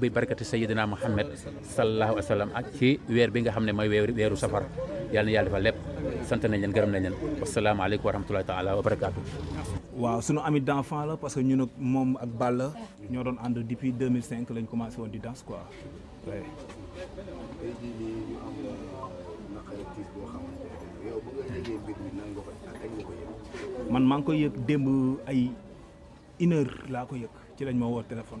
bi barkati sayyidina muhammad sallallahu alaihi wasallam, ak ci weer bi nga xamne moy mooy weeru safar yalla na yalla defal lepp sant nañ leen gërëm nañ leen alaykum wa rahmatullahi taala wa barakatuh waaw sunu ami d'enfant la parce que ñun ak mom ak Balla ñoo doon and depuis 2005 lañ commencé won di danse quoi ouais. man mang koy yek demb ay 1 heure la ko yek ci lañ ma woo téléphone.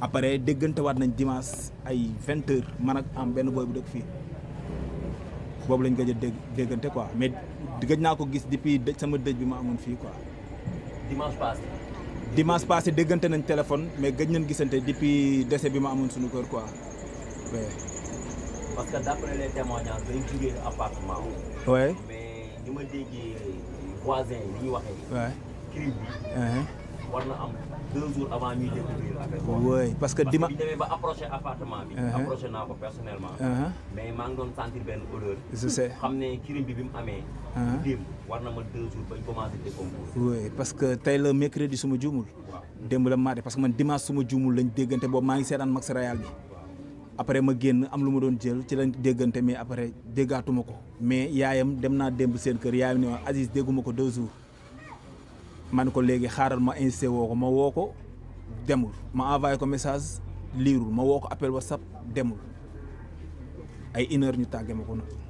après déggantewaat nañ dimanche ay vingt heures man ak am benn booy bu dëkk fii boobu lañ gëj a dégg déggante quoi mais gëj naa ko gis depuis dëj sama dëj bi ma amoon fii quoi. dimanche passé. dimanche déggante nañ téléphone mais gëj nañ gisante depuis décès bi ma amoon suñu kër quoi. parce que d'après les témoignages ma déggee voisin war na am avant ñuy découvrir parce que dima parce que bi demee ba approché appartement bi. Uh-huh. Uh-huh. benn xam ne kirim bi bi mu amee. Uh-huh. démb war parce que tey la mercredi su ma juumul. démb la mardi parce que man dimanche su ma lañ déggante boobu maa ngi seetaan max royal bi. après ma génn am lu ma doon jël ci lañ déggante mais après déggaatuma ko mais yaayam dem naa démb seen kër yaayam ne ma Aziz dégguma ko deux jours. ma ne ko léegi xaaral ma insisté woo ko ma woo ko demul ma envoyé ko message liirul ma woo ko appel whatsapp demul ay une ñu tàggee ma ko noonu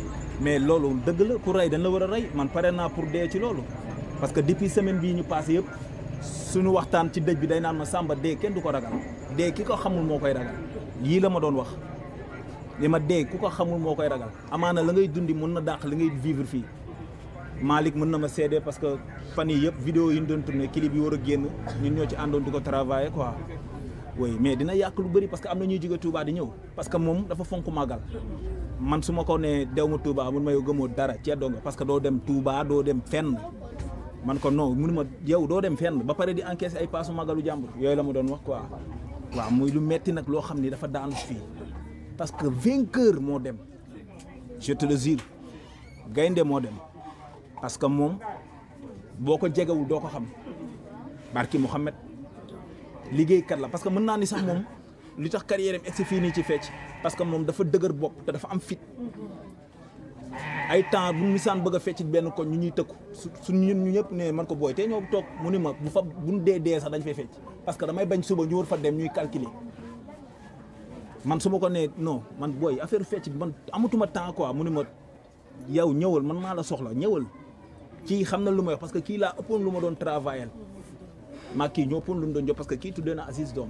mais loolu dëgg la ku rey dana war a rey man pare naa pour dee ci loolu parce que depuis semaine bii ñu passé yëpp suñu waxtaan ci dëj bi day naan ma sàmba dee kenn du ko ragal dee ki ko xamul moo koy ragal lii la ma doon wax li ma dee ku ko xamul moo koy ragal amaana la ngay dundi mën na dàq li ngay vivre fii Malick mën na ma seede parce que fan yi yëpp vidéo yi nu doon tourné clip yi war a génn ñun ñoo ci àndoon du ko travailler quoi oui mais dina yàq lu bëri parce que am na ñuy jóge Touba ñëw parce que moom dafa fonk màggal man ko Touba dara parce que do dem Touba do dem fenn man ko non mun ma dem fenn ba di encaisser ay magalu la wax quoi muy lu metti dafa parce que vainqueur mo dem je te le jure gaynde dem parce que mom boko ko do ko xam barki la parce que mën li tax carrière am exce fini ci fecc parce que mom dafa deuguer bopp te dafa am fit ay temps bu misaan bëgg a fecc benn koñ ñu ñuy tekk su ñun ñu ñëpp né man ko boy té ñoo tok mu ni ma bu fa bu dé dé sax dañ fay fecc parce que damay bañ suba ñu war fa dem ñuy calculer man su ma ko nee non man boy affaire fecc man amatuma temps quoi mu ni ma yow ñëwul man maa la soxla ñëwul kii xamna na lu may wax parce que ki la ëppoon lu ma doon travailler ma ki ñoo ëppoon lu mu doon jox parce que ki tuddee na Aziz doom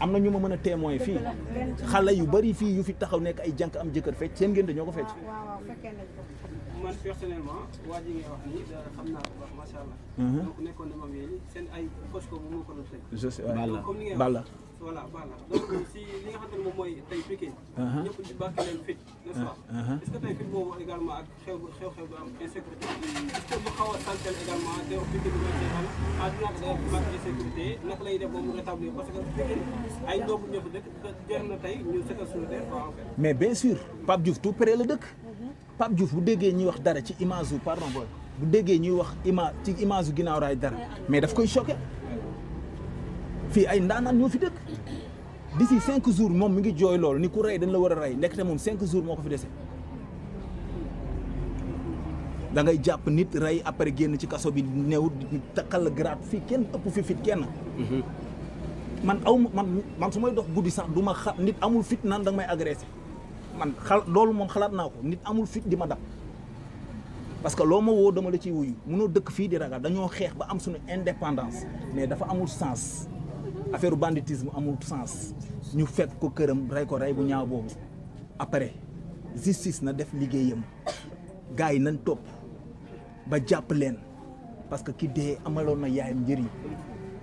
am na ñu ma mën a témoin fii xale yu bari fii yu fi taxaw nekk ay jànk am jëkkër fecc seen ngénte ñoo ko fecc ah, man personnellement waa ngay wax ni xam xamna ko baax macha allah. Mhm. donc nekkoon dama moom sen ay poche ko mo ko doon tëj. je sais Balla Balla. voilà Balla donc si li nga xamante mom moy tay piqué. Uh-huh. ñepp ci bàkk leen fit n'est-ce pas. Uh-huh. Uh-huh. est-ce que tay fit bobu également ak xew xew-xew bu am insécurité est-ce que bu xawa a saltel également teew piqué bu nga jeexal ah dinaa ko bu mag insécurité naka lay def bobu rétablir parce que piqué ay ndoobu ñëpp dëkk jeex na tey ñu setal suñu terre en fait. mais bien sûr pap Diouf tout près le dëkk. Pape Diouf bu déggee ñuy wax dara ci image yu pardon booy bu déggee ñuy wax image ci image yu ginnaaw raay dara mais daf koy choqué fii ay ndaanaan ñoo fi dëkk d'ici cinq jours moom mi ngi jooy loolu ni ku rey dañ la war a rey ndekete moom cinq jours moo ko fi jàpp nit rey après génn ci kaso bi néew takkal grade fii kenn ëpp fi fit kenn mhm. man aw man man su may dox guddi sax du ma xam nit amul fit naan da nga may agressé man lolou loolu xalat nako nit amul fit di ma dab parce que loo wo dama la ci wuyu mënoo dëkk fi di ragal dañoo xex ba am suñu indépendance mais dafa amul sens affaire banditisme amul sens ñu fekk ko këram ray ko ray bu ñaaw bobu après justice na def liggéeyam gaay nañ top ba japp len parce que ki dé amalon na yaayam jëri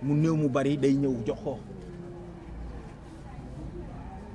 mu néew mu bari day ñëw jox ko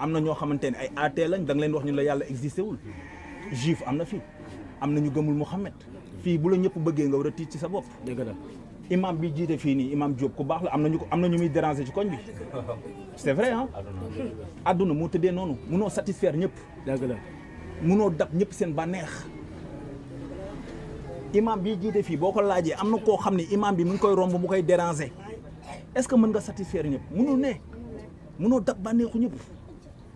amna ñoo xamante ay at lañ da leen wax ñu la yalla existé wul jif amna fi amna ñu gëmul Muhammad fi bu la ñëpp bëggee nga wara tiit ci sa bopp. dégg la imam bi jité fi ni imam Diop ku baax la amna ñu amna ñu muy déranger ci koñ bi c'est vrai hein? aduna mo tëddee noonu mëno satisfaire ñëpp. dégg la mëno dab ñëpp seen banex imam bi jité fi boko ko amna ko xamni imam bi mu ngi koy romb mu koy déranger est-ce que mën nga satisfaire ñëpp mënu né mëno dab banexu ñëpp.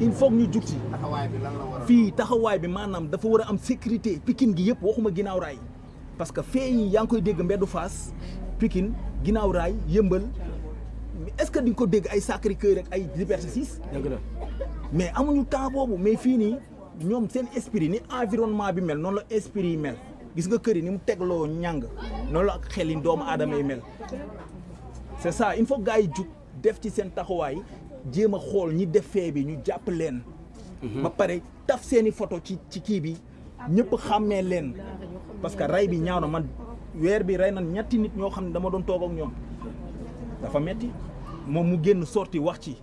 il faut ñu jug si fii taxawaay bi maanaam dafa war a am sécurité pikin gi yëpp waxuma ginnaaw raay parce que fee yi yaa ngi koy dégg mbeddu Fass Pikine ginnaaw raay yëmbal est-ce que di nga ko dégg ay Sacré-Cœur rek ay Liberté 6 mais amuñu temps boobu mais fii nii ñoom seen esprit ni environnement bi mel noonu la esprit yi mel gis nga kër yi ni mu tegloo ñàng noonu la xel yi doomu aadama yi mel c'est ça il faut gars yi jug def ci seen taxawaay jema a xool ñi def fee bi ñu japp len mhm. ba paré taf seeni photo ci ci ki bi ñepp xamé len parce que ray bi ñaaw na man wër bi ray na ñetti nit ño xam dama doon togo ak ñom dafa metti mom mu genn sorti wax ci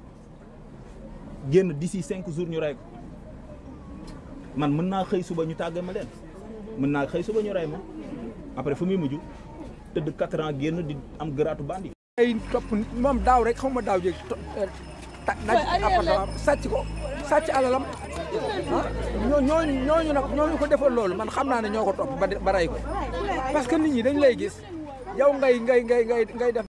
genn d'ici 5 jours ñu ray ko man mën na xey suba ñu tàggal ma len mën na xey suba ñu ray ma après fu mi muju teud 4 ans genn di am gratu bandi ay top mom daw rek xawma daw daaw er, ta appartement sàcc ko sàcc alalam ah ñooñu ñooñu nag ñooñu ko defoon loolu man xam naa ne ñoo ko topp ba rey ko parce que nit ñi dañ lay gis yow ngay ngay ngay ngay ngay def